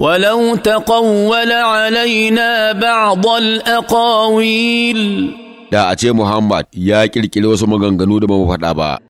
ولو تقول علينا بعض الأقاويل da a ce Muhammad ya ƙirƙiri wasu maganganu da ba mu ba.